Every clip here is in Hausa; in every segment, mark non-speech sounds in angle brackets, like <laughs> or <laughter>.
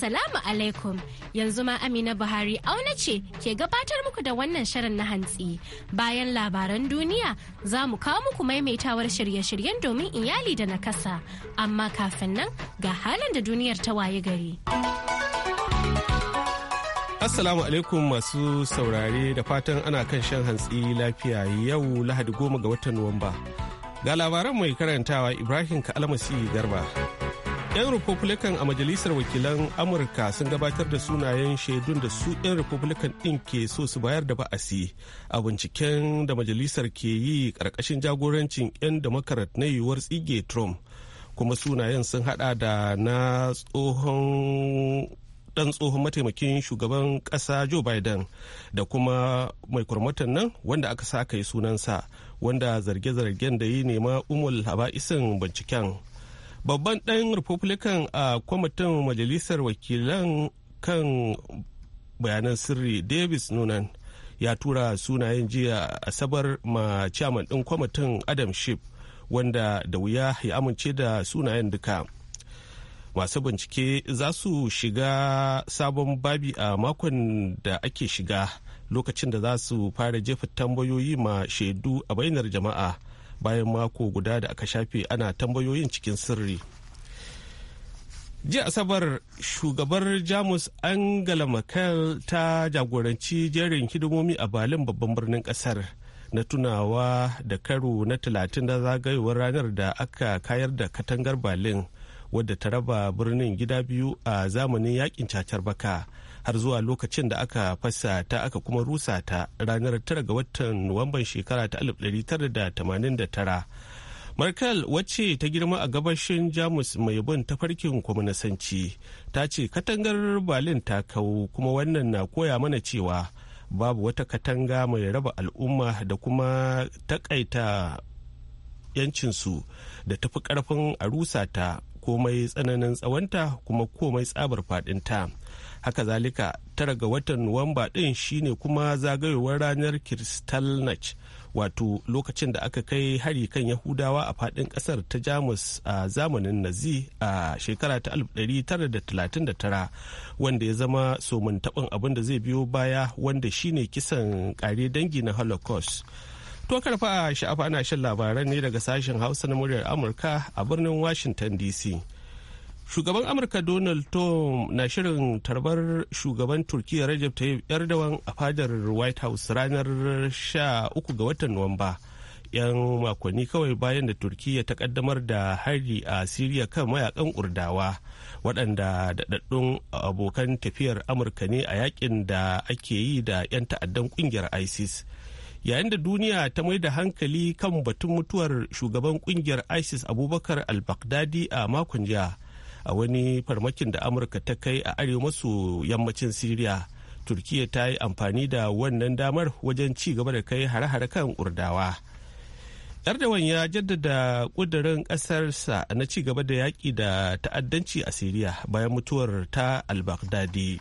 Assalamu alaikum yanzu ma Amina Buhari auna ce ke gabatar muku da wannan shirin na hantsi. Bayan labaran duniya za mu kawo muku maimaitawar shirye-shiryen domin iyali da nakasa. Amma kafin nan ga halin da duniyar ta waye gari. Assalamu alaikum masu saurare da fatan ana kan shan hantsi lafiya yau Lahadi goma ga watan Nuwamba. Ga labaran mai karantawa Ibrahim Ka'almasi Garba. 'yan republican a majalisar wakilan amurka sun gabatar da sunayen shaidun da su 'yan republican din ke so su bayar da ba'asi a binciken da majalisar ke yi karkashin jagorancin 'yan democrat na yiwuwar tsige trump kuma sunayen sun hada da na tsohon dan tsohon mataimakin shugaban ƙasa joe biden da kuma mai kurmatan nan wanda aka sa yi sunansa wanda zarge-zargen da yi nema umul isin binciken babban ɗan republican a kwamitin majalisar wakilan kan bayanan sirri davis nunan ya tura sunayen jiya asabar ma chairman ɗin kwamitin adam ship wanda da wuya ya amince da sunayen duka masu bincike za su shiga sabon babi a makon da ake shiga lokacin da za su fara jefa tambayoyi ma shaidu a bainar jama'a bayan mako guda da aka shafe ana tambayoyin cikin sirri jiya asabar shugabar jamus angela merkel ta jagoranci jerin hidimomi a balin babban birnin kasar na tunawa da karo na talatin da zagayowar ranar da aka kayar da katangar berlin wadda ta raba birnin gida biyu a zamanin yakin cacar baka har zuwa lokacin da aka fasa ta aka kuma rusa ta ranar 9 ga watan Nuwamban shekara ta 1989. Merkel wacce ta girma a gabashin Jamus mai bin tafarkin kwamnasanci ta ce katangar Berlin ta kawo kuma wannan na koya mana cewa babu wata katanga mai raba al'umma da kuma takaita yancinsu da tafi karfin a rusa ta komai tsananin tsawonta kuma komai tsabar fadinta haka zalika tara ga watan nuwamba din shine kuma zagayowar ranar kristallnach wato lokacin da aka kai hari kan yahudawa a fadin kasar ta jamus a zamanin nazi a shekara ta 1939 wanda ya zama somin taɓin abin da zai biyo baya wanda shine kisan kare dangi na holocaust To karfa sha'afa ana shan labaran ne daga sashen Hausa na muryar Amurka a birnin Washington DC. Shugaban Amurka Donald Trump na shirin tarbar shugaban Turkiyya Rajab Tayyip Erdogan a fadar White House ranar 13 ga watan Nuwamba. 'Yan makonni kawai bayan da Turkiyya ta kaddamar da hari a Siriya kan mayakan Kurdawa waɗanda daɗaɗɗun abokan tafiyar Amurka ne a yakin da ake yi da 'yan ta'addan ƙungiyar ISIS. yayin da duniya ta mai da hankali kan batun mutuwar shugaban kungiyar isis abubakar al a makon jiya a wani farmakin da amurka ta kai a arewa maso yammacin syria turkiya ta yi amfani da wannan damar wajen ci gaba da kai hare-hare kan kurdawa erdogan ya jaddada ƙudurin ƙasarsa na ci gaba da yaƙi da ta'addanci a syria bayan mutuwar ta al-baghdadi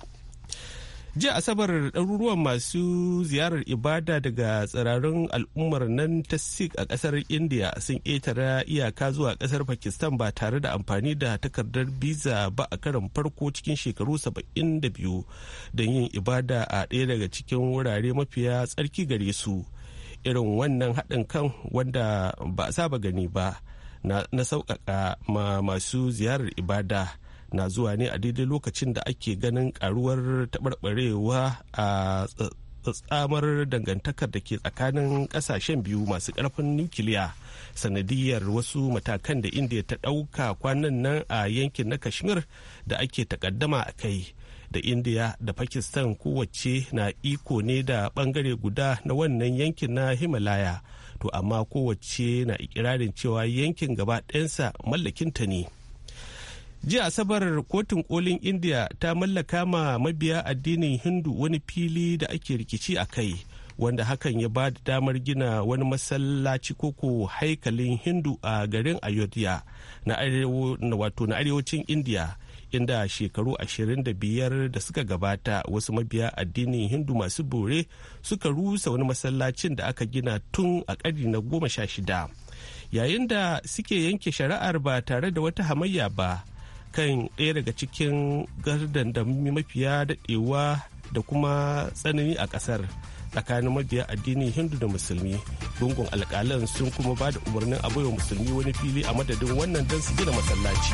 jiya asabar ɗaruruwan masu ziyarar ibada daga tsirarin al'ummar nan ta sikh a ƙasar india sun ƙetare iyaka zuwa ƙasar pakistan ba tare da amfani da takardar biza ba a karon farko cikin shekaru 72 don yin ibada a ɗaya daga cikin wurare mafiya tsarki gare su irin wannan haɗin kan wanda ba a saba gani ba na sauƙaƙa ma masu ziyarar ibada. na zuwa ne a daidai lokacin da ake ganin karuwar taɓarɓarewa a tsamar dangantakar da ke tsakanin ƙasashen biyu masu ƙarfin nukiliya sanadiyar wasu matakan da india ta ɗauka kwanan nan a yankin na kashmir da ake takaddama a kai da india da pakistan kowace na iko ne da ɓangare guda na wannan yankin na himalaya to amma kowace na ikirarin cewa yankin gaba ɗayansa mallakinta ne jiya asabar kotun kolin india ta mallaka ma mabiya addinin hindu wani fili da ake rikici a kai wanda hakan ya ba da damar gina wani masallaci koko haikalin hindu a garin ayodhya na arewacin india inda shekaru 25 da suka gabata wasu mabiya addinin hindu masu bore suka rusa wani masallacin da aka gina tun a ƙari na goma sha shida yayin da suke yanke shari'ar ba tare da wata hamayya ba kan ɗaya daga cikin da mafiya daɗewa da kuma tsanani a ƙasar tsakanin mabiya addinin hindu da musulmi gungun alƙalan sun kuma ba da umarnin a baiwa musulmi wani fili a madadin wannan don su gina masallaci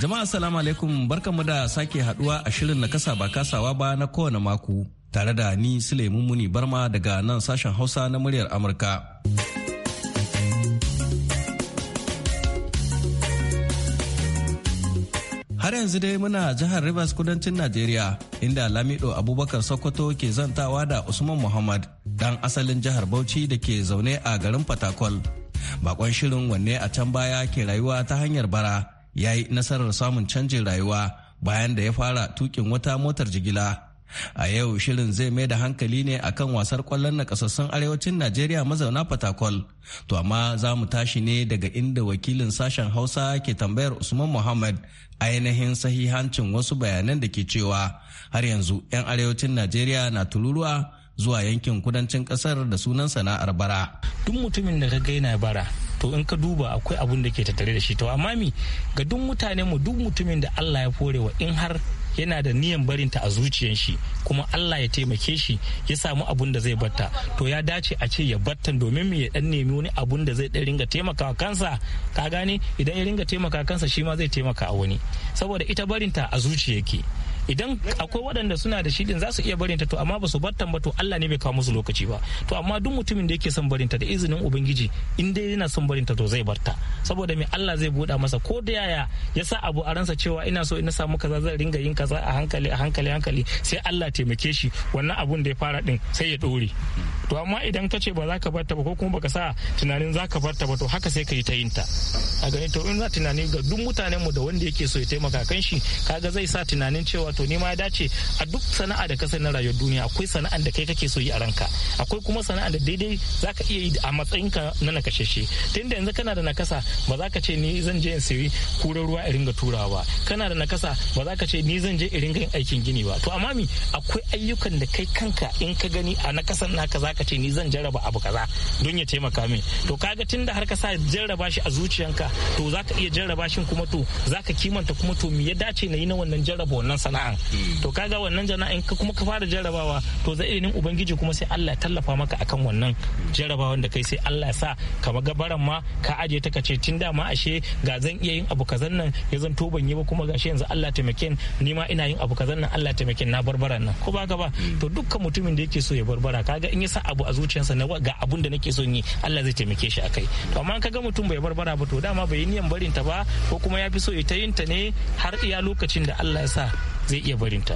Jama'a salamu alaikum barkamu da sake haduwa a shirin na kasa ba kasawa ba na kowane mako tare da ni Sule Muni Barma daga nan sashen Hausa na muryar Amurka. Har yanzu dai muna jihar Rivers kudancin Najeriya inda Lamido Abubakar Sokoto ke zantawa da Usman Muhammad dan asalin jihar Bauchi da ke zaune a garin Fatakwal bakon shirin wanne a can baya ke rayuwa ta hanyar bara ya yi nasarar samun canjin rayuwa bayan da ya fara tukin wata motar jigila a yau shirin zai mai da hankali ne a kan wasar kwallon na kasassun arewacin najeriya mazauna fatakwal to amma za mu tashi ne daga inda wakilin sashen hausa ke tambayar usman muhammad ainihin sahihancin wasu bayanan da ke cewa har yanzu 'yan arewacin najeriya na tururuwa zuwa yankin kudancin kasar da sunan sana'ar bara duk mutumin da kaga yana bara to in ka duba akwai abun da ke tattare da shi to amma mi ga duk mutane mu duk mutumin da Allah ya forewa in har yana da niyan barinta a zuciyan shi kuma Allah ya taimake shi ya samu abun da zai batta to ya dace a ce ya batta domin mu ya dan nemi wani abun da zai dan ringa taimaka kansa ka gane idan ya ringa taimaka kansa shi ma zai taimaka a wani saboda ita barinta a zuciya yake idan akwai waɗanda suna da shi din za su iya barinta to amma ba su bar ba to Allah ne bai kawo musu lokaci ba to amma duk mutumin da yake son barinta da izinin ubangiji in dai yana son barinta to zai barta saboda me Allah zai buɗa masa ko da yaya ya sa abu a ransa cewa ina so ina samu kaza zan ringa yin kaza a hankali a hankali hankali sai Allah taimake shi wannan abun da ya fara din sai ya dore to amma idan ka ce ba za ka barta ba ko kuma baka sa tunanin za ka ta ba to haka sai ka yi ta yin ta a gani to in za tunani ga duk mutanen mu da wanda yake so ya taimaka kan shi kaga zai sa tunanin cewa to nema ya dace a duk sana'a da ka na rayuwar duniya akwai sana'ar da kai kake so yi a ranka akwai kuma sana'ar da daidai zaka iya yi a matsayinka na nakashashe tunda yanzu kana da nakasa ba za ka ce ni zan je in sayi kurar ruwa in ringa turawa ba kana da nakasa ba za ka ce ni zan je in ringa aikin gini ba to amma mi akwai ayyukan da kai kanka in ka gani a nakasan naka za ka ce ni zan jarraba abu kaza don ya taimaka min to kaga tunda har ka sa jarraba shi a zuciyanka to za ka iya jarraba shi kuma to za ka kimanta kuma to me ya dace na yi na wannan jarraba wannan sana'a jana'an to kaga wannan jana'an ka kuma ka fara jarrabawa to za izinin ubangiji kuma sai Allah ya tallafa maka akan wannan jarrabawan da kai sai Allah ya sa ka gabaran ma ka aje ta kace tun da ma ashe ga zan iya yin abu kazan nan ya zan to ban yi ba kuma gashi yanzu Allah taimake ni ma ina yin abu kazan nan Allah taimake na barbaran nan ko ba ka ba to dukkan mutumin da yake so ya barbara kaga in ya sa abu a zuciyarsa na ga abun da nake son yi Allah zai taimake shi akai to amma kaga mutum bai barbara ba to dama bai yi niyan barin ta ba ko kuma ya fi so ya ta yin ta ne har iya lokacin da Allah ya sa zai iya barinta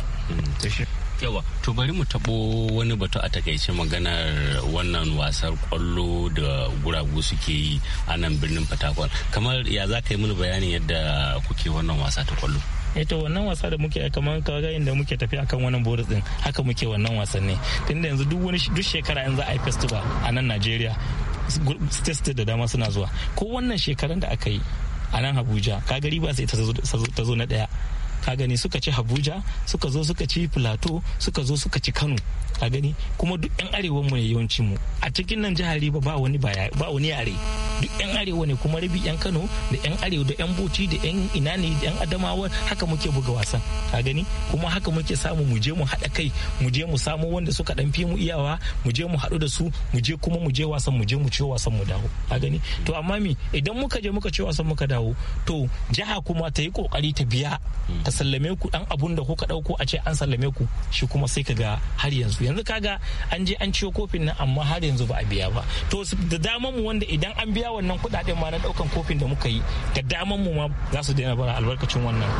yawa to bari mu taɓo wani batu a takaice maganar wannan wasar kwallo da guragu suke yi a nan birnin fatakwal kamar ya za ka yi mini bayanin yadda kuke wannan wasa ta kwallo ita eh wannan wasa da muke kamar kaga inda muke tafi akan wannan boris din haka muke wannan wasanni tunda yanzu duk wani duk shekara yanzu a yi festival a nan najeriya state state da dama suna zuwa ko wannan shekaran da aka yi a nan abuja kaga riba sai ta zo na daya ka gani suka ci Abuja suka zo suka ci Plateau suka zo suka ci Kano ka gani kuma duk yan arewa mu ne yawanci mu a cikin nan jihar Riba ba wani ba wani yare duk yan arewa ne kuma rabi yan Kano da yan arewa da yan Bauchi da yan ina ne da yan Adamawa haka muke buga wasan ka gani kuma haka muke samu mu je mu hada kai mu je mu samu wanda suka dan fi mu iyawa mu je mu hadu da su mu je kuma mu je wasan mu je mu ciwo wasan mu dawo ka gani to amma mi idan muka je muka ciwo wasan muka dawo to jiha kuma ta yi kokari ta biya ta sallame ku dan abun da kuka dauko a ce an sallame ku shi kuma sai kaga har yanzu yanzu kaga an je an ciyo kofin nan amma har yanzu ba a biya ba to da daman mu wanda idan an biya wannan kudaden ma na daukan kofin da muka yi da daman mu ma za su daina bara albarkacin wannan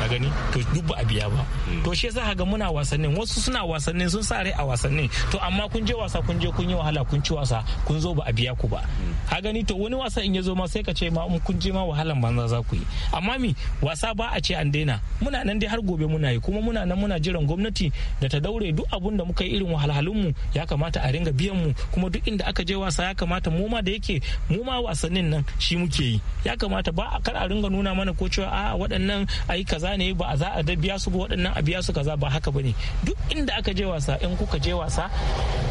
a gani to duk ba a biya ba hmm. to shi yasa ga muna wasannin wasu suna wasannin sun sa rai a wasannin to amma kun je wasa kun je kun yi wahala kun ci wasa kun zo ba a biya ku ba hmm. a gani to wani wasa in ya zo ma sai ka ce ma kun je ma wahalan banza za ku yi amma mi wasa ba a ce an daina muna nan dai har gobe muna yi kuma muna nan muna jiran gwamnati da ta daure duk abun da muka yi irin wahalhalunmu ya kamata a ringa biyan mu kuma duk inda aka je wasa ya kamata mu ma da yake mu ma wasannin nan shi muke yi ya kamata ba kar a ringa nuna mana ko cewa a waɗannan ayi kaza ne ba a za a biya su ba waɗannan a biya su kaza ba haka bane duk inda aka je wasa in kuka je wasa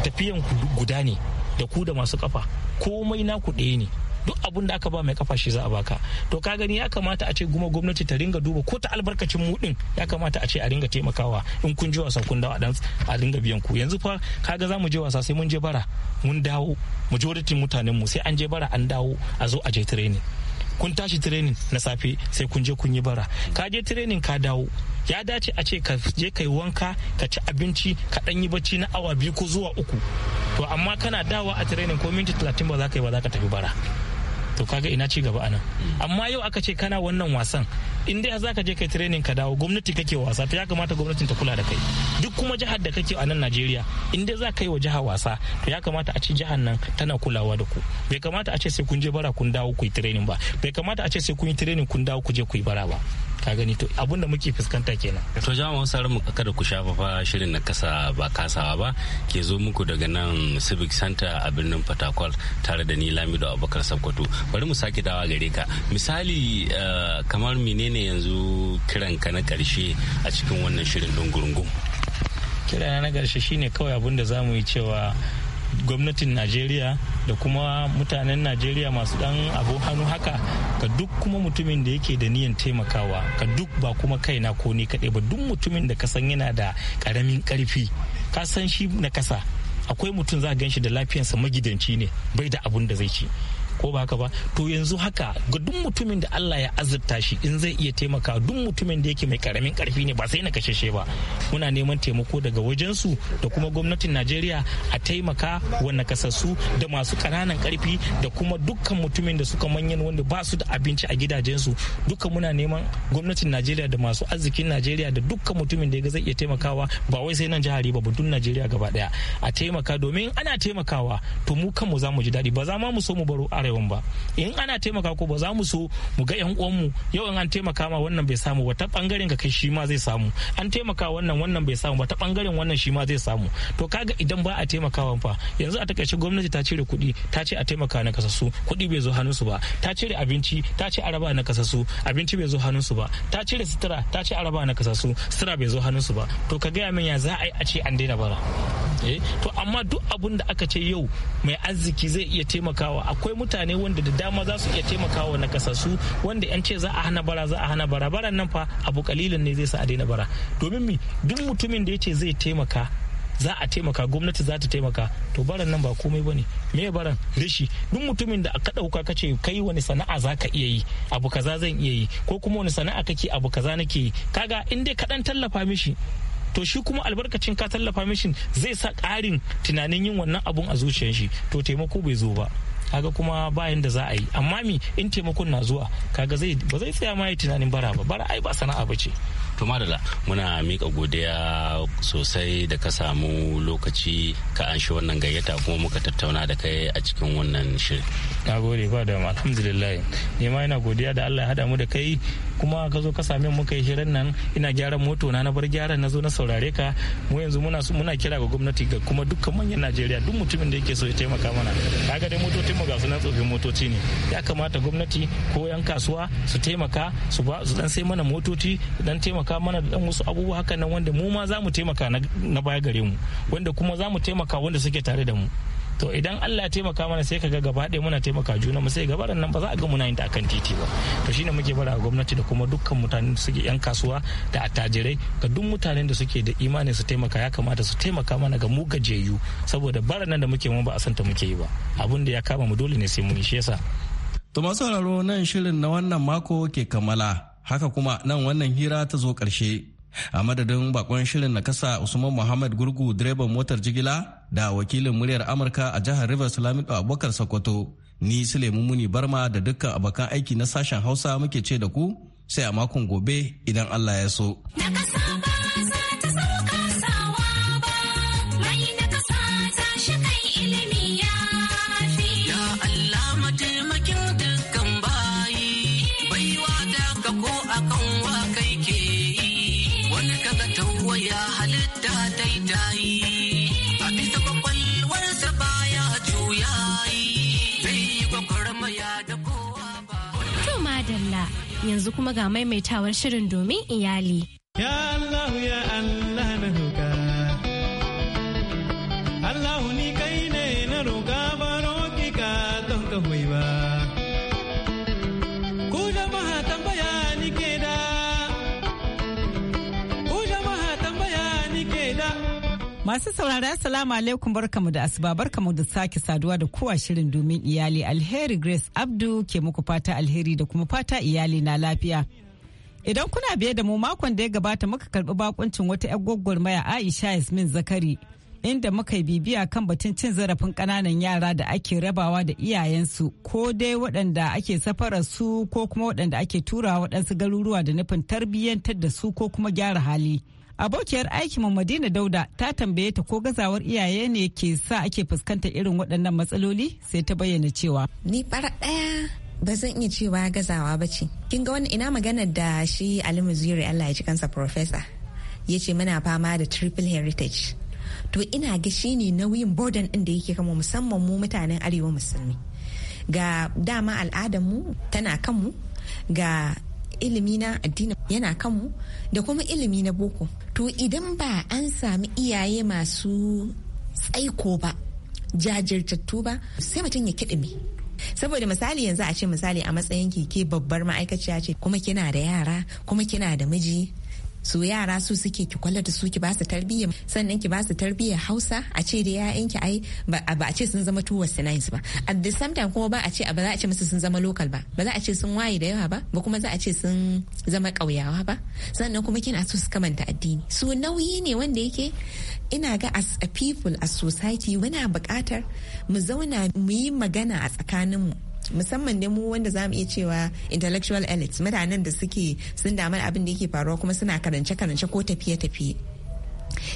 tafiyan ku guda ne da ku da masu kafa komai naku ɗaya ne duk abun da aka ba mai kafa shi za a baka to ka gani ya kamata a ce kuma gwamnati ta ringa duba ko ta albarkacin mu ya kamata a ce a ringa taimakawa in kun ji wasa kun dawo dan a ringa biyan ku yanzu fa kaga za mu je wasa sai mun je bara mun dawo majority mutanen mu sai an je bara an dawo a zo a je training kun tashi training na safe sai kun je kun yi bara ka je training ka dawo ya dace a ce ka je kai wanka ka ci abinci ka dan yi bacci na awa biyu ko zuwa uku to amma kana dawa a training ko minti talatin ba za ka yi ba za ka tafi bara to kaga ina ci gaba anan amma yau aka ce kana wannan wasan in dai za ka je kai training ka dawo gwamnati kake wasa ta ya kamata gwamnatin ta kula da kai duk kuma jihar da kake a nan Najeriya in dai za ka yi wa jiha wasa to ya kamata a ce jihar nan tana kulawa da ku bai kamata a ce sai kun je bara kun dawo ku yi training ba bai kamata a ce sai kun yi training kun dawo ku je ku yi bara ba ka gani to da muke fuskanta kenan to jama'a wasu mu kada ku shafa fa shirin na kasa ba kasawa ba ke zo muku daga nan civic center a birnin fatakwal tare da ni lamido abubakar sabkwato bari mu sake dawa gare ka misali eh, kamar menene ne yanzu kiranka na karshe a cikin wannan shirin don gurungun kirana na karshe shine kawai abin da zamu yi cewa gwamnatin najeriya da kuma mutanen najeriya masu dan abu hannu haka ka duk kuma mutumin da yake da niyan taimakawa ka duk ba kuma kaina ko ni kaɗai ba duk mutumin da ka san yana da ƙaramin karfi ka san shi na kasa akwai mutum za gan shi da lafiyansa magidanci ne bai da abun da zai ci ko ba haka ba to yanzu haka ga duk mutumin da Allah ya azurta shi in zai iya taimaka duk mutumin da yake mai karamin karfi ne ba sai na kashe ba muna neman taimako daga wajen su da kuma gwamnatin Najeriya a taimaka wannan kasassu da masu kananan karfi da kuma dukkan mutumin da suka manyan wanda ba su da abinci a gidajen su duka muna neman gwamnatin Najeriya da masu arzikin Najeriya da dukkan mutumin da ya zai iya taimakawa ba wai sai nan jihari ba duk Najeriya gaba daya a taimaka domin ana taimakawa to mu kanmu za mu ji daɗi ba za ma mu so mu baro arewan ba in ana taimaka ko ba za mu so mu ga yan uwanmu yau in an taimaka ma wannan bai samu ba ta bangaren ka kai shi ma zai samu an taimaka wannan wannan bai samu ba ta bangaren wannan shi ma zai samu to kaga idan ba a taimakawa fa yanzu a takaice gwamnati ta cire kuɗi ta ce a taimaka na kasasu kuɗi bai zo hannunsu ba ta cire abinci ta ce a raba na kasasu abinci bai zo hannunsu ba ta cire sutura ta ce a raba na kasasu sutura bai zo hannunsu ba to ka gaya min ya za a yi a ce an daina bara eh? to amma duk abun da aka ce yau mai arziki zai iya taimakawa akwai mutane mutane wanda da dama za su iya taimakawa na kasasu wanda yan ce za a hana bara za a hana bara baran nan fa abu kalilan ne zai sa a daina bara domin mi duk mutumin da ya ce zai taimaka za a taimaka gwamnati za ta taimaka to baran nan ba komai bane me baran rishi duk mutumin da aka dauka kace kai wani sana'a za ka iya yi abu kaza zan iya yi ko kuma wani sana'a kake abu kaza nake yi kaga in dai kadan tallafa mishi to shi kuma albarkacin ka tallafa mishi zai sa ƙarin tunanin yin wannan abun a zuciyar shi to taimako bai zo ba kaga kuma bayan da za a yi amma mi in taimakon na zuwa kaga zai ba zai tsaya ma yi tunanin bara ba bara ai ba sana'a ba ce to madala muna mika godiya sosai da ka samu lokaci ka an anshi wannan gayyata kuma muka tattauna da kai a cikin wannan shirin na gode ba da alhamdulillah ne ma ina godiya da allah ya hada mu da kai kuma ka zo ka same mu kai shirin nan ina gyaran moto na na bar gyaran na zo na saurare ka mu yanzu muna muna kira ga gwamnati ga kuma dukkan manyan najeriya duk mutumin da yake so ya taimaka mana kaga dai motocin mu ga su na tsofin motoci ne ya kamata gwamnati ko yan kasuwa su taimaka su su dan sai mana motoci dan taimaka taimaka mana da dan wasu abubuwa haka nan wanda mu ma za mu taimaka na baya gare mu wanda kuma za mu taimaka wanda suke tare da mu to idan Allah ya taimaka mana sai kaga gaba ɗaya muna taimaka juna mu sai gabaran nan ba za a ga muna yin ta akan titi ba to shine muke bara gwamnati da kuma dukkan mutanen da suke yan kasuwa da attajirai ga duk mutanen da suke da imani su taimaka ya kamata su taimaka mana ga mu gajeyu saboda baran nan da muke mu ba a santa muke yi ba abun da ya kama mu dole ne sai mu yi shi yasa to masu nan shirin na wannan mako ke kammala haka kuma nan wannan hira ta zo ƙarshe a madadin bakon shirin na kasa usman muhammad gurgu direban motar jigila da wakilin muryar amurka a jihar rivers lamido abubakar sokoto ni sulemu muni barma da dukkan abokan aiki na sashen hausa muke ce da ku sai a makon gobe idan allah ya so. yanzu kuma ga maimaitawar shirin domin iyali. Masu saurara salamu alaikum barkamu da asuba barkamu da sake saduwa da kowa shirin domin iyali alheri Grace Abdu ke muku fata alheri da kuma fata iyali na lafiya. Idan kuna biye da mu makon da ya gabata muka karbi bakuncin wata 'yar gwagwarmaya Aisha Yasmin Zakari inda muka yi bibiya kan batun cin zarafin ƙananan yara da ake rabawa da iyayensu ko dai waɗanda ake safararsu su ko kuma waɗanda ake turawa waɗansu garuruwa da nufin tarbiyyantar da su ko kuma gyara hali. abokiyar aikinmu madina dauda ta tambaye ta ko gazawar iyaye ne ke sa ake fuskantar irin waɗannan matsaloli sai ta bayyana cewa ni fara ɗaya ba zan iya cewa gazawa ba ce kin ga wani ina maganar da shi ali muziri allah ya ci kansa professor ya ce muna fama da triple heritage to ina ga shi nauyin burden ɗin da yake kama musamman mu mutanen arewa musulmi ga dama al'adar mu tana kanmu ga ilimi na addini yana kanmu da kuma ilimi na boko to idan ba an sami iyaye masu tsaiko ba jajirtattu ba sai mutum ya kiɗime saboda misali yanzu a ce misali a matsayin keke babbar ma'aikaciya ce kuma kina da yara kuma kina da miji su yara su suke ki kwalla da su ki basu tarbiyya sannan ki basu tarbiyya hausa a ce da ki ai ba a ce sun zama two westernized ba at the same time kuma ba a ce ba za a ce musu sun zama local ba ba za a ce sun waye da yawa ba ba kuma za a ce sun zama kauyawa ba sannan kuma kina so su kamanta addini su nauyi ne wanda yake ina ga as a people as society muna buƙatar mu zauna mu yi magana a tsakaninmu musamman ne mu wanda za mu iya cewa intellectual elites mutanen da suke sun damu abin da yake faruwa kuma suna karance karance ko tafiye tafiye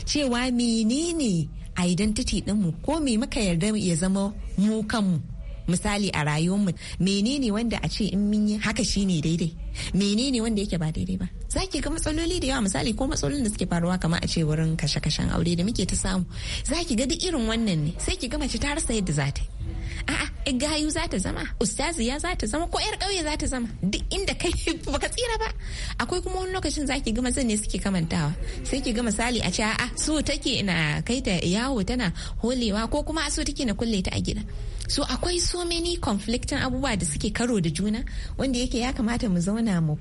cewa menene identity mu ko me muka yarda ya zama mu kanmu misali a rayuwarmu menene wanda a ce in mun yi haka shine daidai menene wanda yake ba daidai ba za ki ga matsaloli da yawa misali ko matsalolin da suke faruwa kamar a ce wurin kashe-kashen aure da muke ta samu za ki ga duk irin wannan ne sai ki ga mace ta rasa yadda za ta yi a'a yar gayu za ta zama ustaziya za ta zama ko yar ƙauye za ta zama duk inda kai <laughs> baka tsira ba akwai kuma wani lokacin zaki gama zan ne suke kamantawa sai ki gama sali a ce a'a so take na kai ta yawo tana holewa ko kuma so take na kulle ta a gida so akwai so many conflicting abubuwa da suke karo da juna wanda yake ya kamata mu zauna mu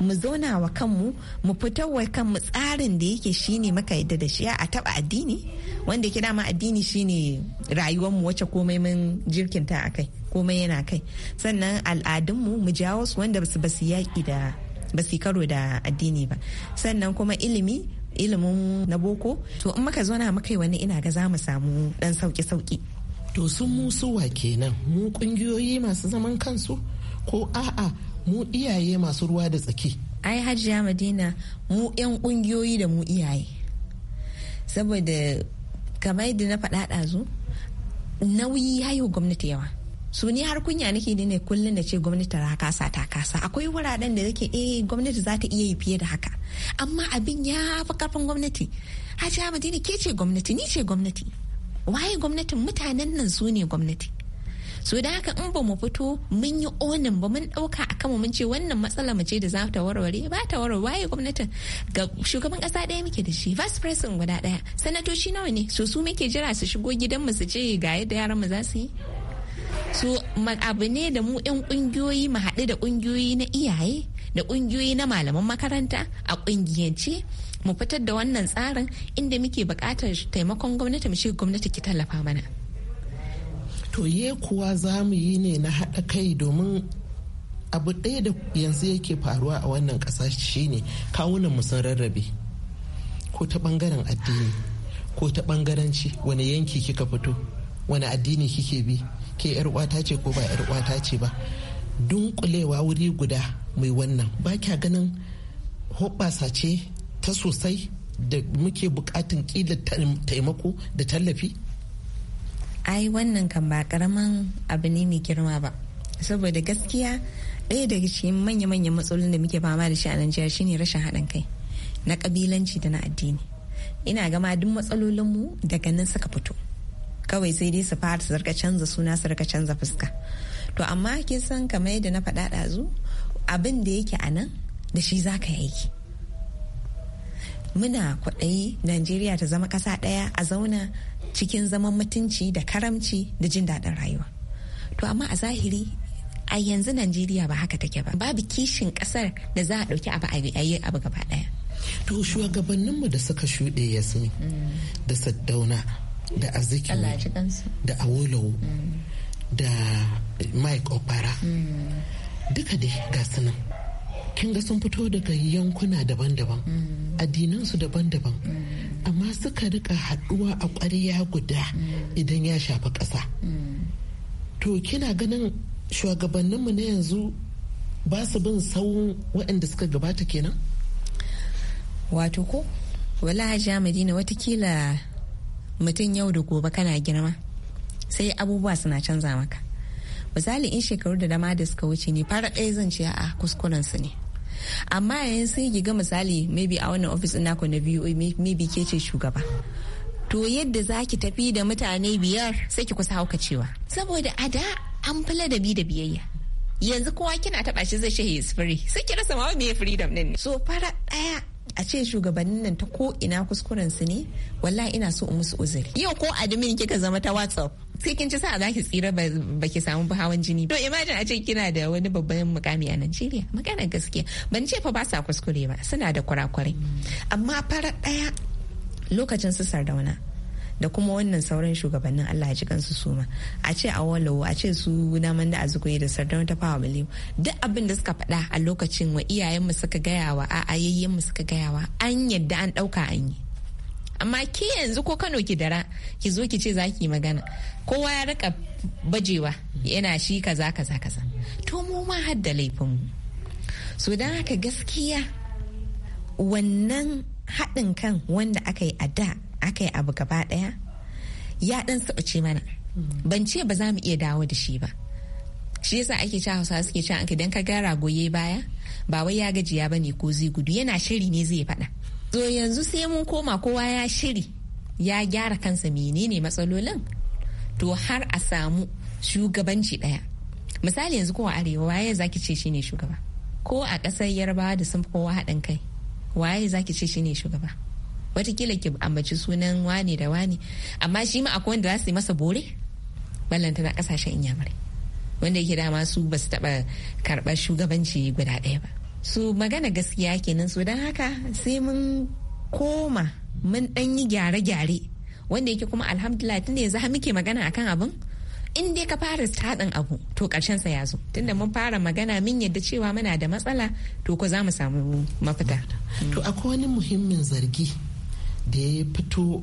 mu zauna wa kanmu mu fito wa kanmu tsarin da yake shine maka yadda da shi a taba addini wanda yake dama addini shine rayuwar mu wacce komai mun jirkinta a kai komai yana kai sannan al'adunmu mu jawo su wanda basu basu yaƙi da basu karo da addini ba sannan kuma ilimi ilimin na boko to in muka zauna muka yi wani ina ga za mu samu dan sauki sauki to sun musuwa kenan mu kungiyoyi masu zaman kansu ko a'a mu iyaye masu ruwa da tsaki ai hajiya madina mu 'yan kungiyoyi da mu iyaye saboda kamar yadda na faɗa ɗazu nauyi ya yi gwamnati yawa su ni har kunya nake ne ne kullum da ce gwamnati ta kasa ta kasa akwai wuraren da yake eh gwamnati za ta iya yi fiye da haka amma abin ya fi karfin gwamnati hajiya madina ke ce gwamnati ni ce gwamnati waye gwamnatin mutanen nan su ne gwamnati so da haka in ba mu fito mun yi onin ba mun dauka a mu mun ce wannan matsala mu ce da za ta warware ba ta warware waye gwamnatin ga shugaban kasa daya muke da shi vice president guda ɗaya sanatoci nawa ne so su muke jira su shigo gidan mu su ce ga yadda yaran mu za su yi so abu ne da mu 'yan kungiyoyi mu haɗu da kungiyoyi na iyaye da kungiyoyi na malaman makaranta a kungiyance mu fitar da wannan tsarin inda muke bukatar taimakon gwamnati mu ce gwamnati ki tallafa mana to ye kuwa za mu yi ne na haɗa kai domin abu ɗaya da yanzu yake faruwa a wannan ƙasa ne kawunan mu sun rarrabe ko ta ɓangaren addini ko ta ɓangaranci wani yanki kika fito wani addini kike bi ke yar uwata ce ko ba yar uwata ce ba dunkulewa wuri guda mai wannan ba kya ganin hoɓasa ce ta sosai da muke bukatun ƙila taimako da tallafi ai wannan kan ba karaman abu ne mai girma ba saboda gaskiya ɗaya daga cikin manya-manyan matsalolin da muke fama da shi a Najeriya shine rashin haɗin kai na kabilanci da na addini ina gama duk matsalolinmu daga nan suka fito kawai sai dai su fara su rika canza suna su rika canza fuska to amma kin san kamar yadda na faɗa ɗazu abin da yake a nan da shi za ka yi muna kwaɗayi najeriya ta zama ƙasa ɗaya a zauna cikin zaman mutunci da karamci da jin daɗin rayuwa to amma a zahiri a yanzu najeriya ba haka take ba babu kishin ƙasar da za a ɗauki abu a yi abu gaba ɗaya to shugabanninmu da suka shuɗe yasmin da saddauna da azikiwe da awolowo mm. da mike opara mm. duka dai ga sunan kin ga sun fito daga yankuna daban-daban mm. addinansu daban-daban amma suka rika haɗuwa a ƙwarya guda idan ya shafi ƙasa to kina ganin shugabanninmu na yanzu ba su bin sauran waɗanda suka gabata kenan wato ko wala hajiya madina watakila mutum yau da gobe kana girma sai abubuwa suna canza maka misali in shekaru da dama da suka wuce ne fara ɗaya zan ce a kuskuren su ne amma yayin sai ki ga misali maybe a wannan office ɗin na biyu maybe ke ce shugaba to yadda za ki tafi da mutane biyar sai ki kusa hauka cewa. saboda a da an da bi da biyayya yanzu kowa kina taɓa shi zai shahe free sai ki rasa ma me freedom din so fara ɗaya. a ce shugabannin nan ta ko ina kuskuren su ne wallahi ina so in musu uzuri yau ko admin kika zama ta whatsapp sai kin ci sa'a zaki tsira ba ki samu hawan jini to imagine a ce kina da wani babban mukami a Najeriya magana gaskiya ban ce fa ba sa kuskure ba suna da kurakurai amma fara daya lokacin su sardauna da kuma wannan sauran shugabannin Allah ya kansu su suma a ce a walawo a ce su naman da azugoyi da sardar ta fawa balewa duk abin da suka faɗa a lokacin wa iyayen mu suka gayawa a mu suka gayawa an yadda an ɗauka an yi amma ke yanzu ko kano ki dara ki zo ki ce za ki magana kowa ya rika bajewa yana shi kaza kaza kaza to mu ma har da laifin mu so dan haka gaskiya wannan haɗin kan wanda aka yi a da aka yi abu gaba daya ya saba ce mana ban ce ba za mu iya dawo da shi ba shi yasa ake cewa hausawa suke cewa anka dan ka ga goye baya ba wai ya gajiya ba ne ko zai gudu yana shiri ne zai faɗa to yanzu sai mun koma kowa ya shiri ya gyara kansa menene matsalolin to har a samu shugabanci daya misali yanzu kowa arewa waye zaki ce shine shugaba ko a ƙasar yarbawa da sun kowa haɗin kai waye zaki ce shine shugaba watakila ki ambaci sunan wane da wane amma shi ma akwai wanda za su yi masa bore ballanta na kasashen inyamurai wanda yake dama su ba su taba karɓar shugabanci guda ɗaya ba su magana gaskiya kenan su don haka sai mun koma mun ɗan yi gyare-gyare wanda yake kuma alhamdulillah tunda yanzu har muke magana akan abin in dai ka fara taɗin abu to karshen sa ya zo tunda mun fara magana min yadda cewa muna da matsala to ko za mu samu mafita to akwai wani muhimmin zargi da ya fito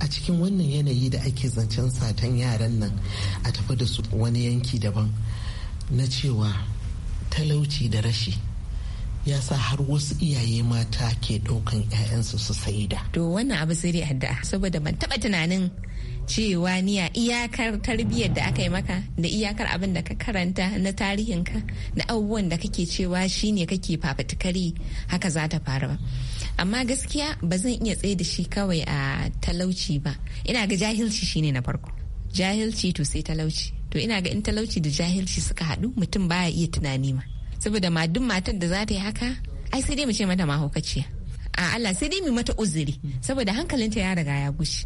a cikin wannan yanayi da ake zancen satan yaran nan a tafi da su wani yanki daban na cewa talauci da rashi ya sa har wasu iyaye mata ke ɗaukan 'ya'yansu su saida. To wannan abu sai dai hadda saboda ban taɓa tunanin cewa niya iyakar tarbiyyar da aka yi maka da iyakar abin da ka karanta na tarihinka da abubuwan da kake cewa shine kake fafatukari haka za ta faru ba. amma gaskiya ba zan iya tsaye da shi kawai a talauci ba ina ga jahilci shine na farko jahilci to sai talauci to ina ga in talauci da jahilci suka haɗu mutum baya iya tunani ma saboda ma duk matar da za ta yi haka ai sai dai mu ce mata mahaukaciya a Allah sai dai mu mata uzuri saboda hankalinta ya riga ya gushi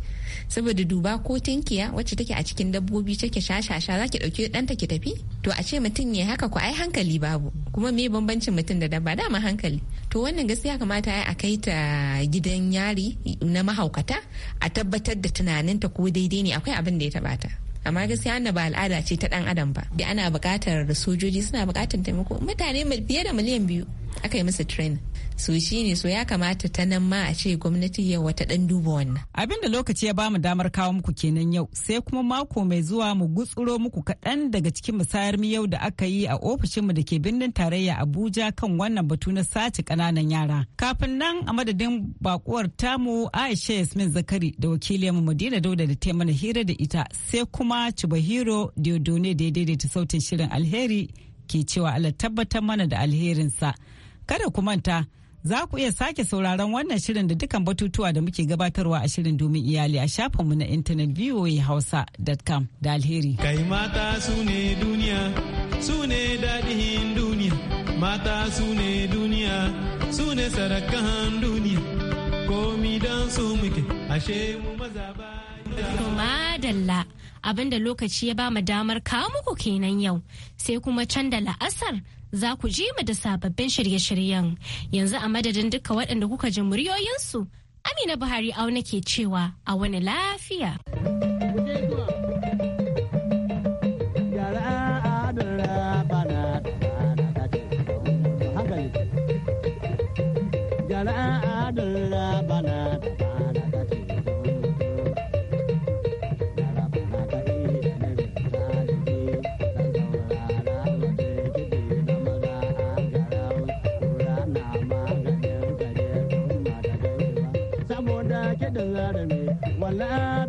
saboda duba ko tinkiya wacce take a cikin dabbobi take shashasha za ki ɗauki ɗanta ki tafi to a ce mutum ya haka ku ai hankali babu kuma me bambancin mutum da dabba dama hankali to wannan gaskiya kamata a kai ta gidan yari na mahaukata a tabbatar da tunaninta ko daidai ne akwai abin da ya taɓa ta amma gaskiya wannan ba al'ada ce ta ɗan adam ba da ana buƙatar sojoji suna buƙatar taimako mutane fiye da miliyan biyu aka yi masa train so shi ne so ya kamata ta nan ma a ce gwamnati yau wata dan duba wannan abin da lokaci ya bamu damar kawo muku kenan yau sai kuma mako mai zuwa mu gutsuro muku kaɗan daga cikin musayar yau da aka yi a ofishinmu da ke birnin tarayya abuja kan wannan batu na sace kananan yara kafin nan a madadin bakuwar tamu aisha yasmin zakari da mu madina dauda da ta mana hira da ita sai kuma chubahiro diodone da ya daidaita sautin shirin alheri ke cewa allah tabbatar mana da alherinsa. Kada ku manta, za ku iya sake sauraron wannan shirin da dukkan batutuwa da muke gabatarwa a shirin domin iyali a shafinmu na intanet voahausa.com da alheri. Kai mata su ne duniya, su ne daɗin duniya, mata su ne duniya, su ne sarakan duniya, komi don su muke, ashe mu maza ba. abin abinda lokaci ya ba mu damar kawo muku kenan yau sai kuma can da la'asar za ku ji mu da sababbin shirye-shiryen yanzu a madadin duka waɗanda kuka ji muryoyinsu amina buhari au nake cewa a wani lafiya. wala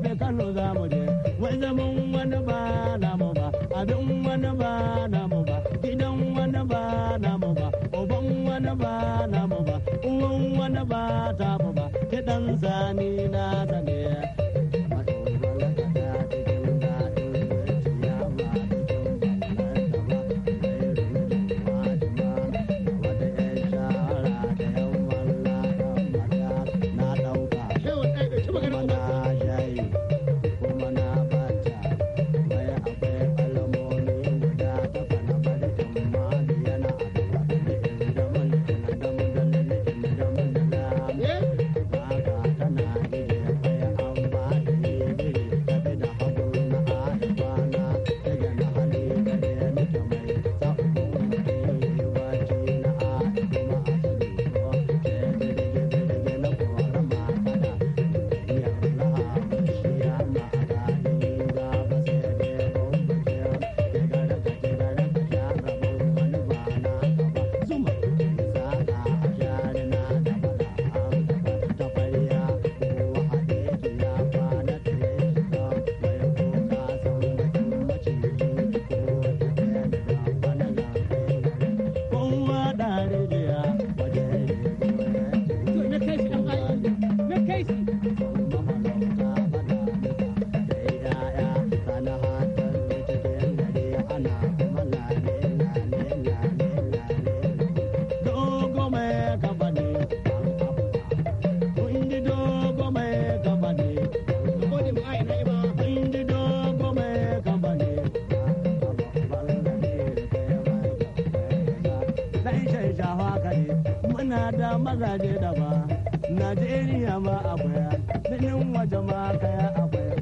muna da mazaje da ba najeriya ma akwai birnin wajen ma kaya akwai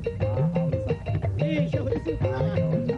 ba hausa eh,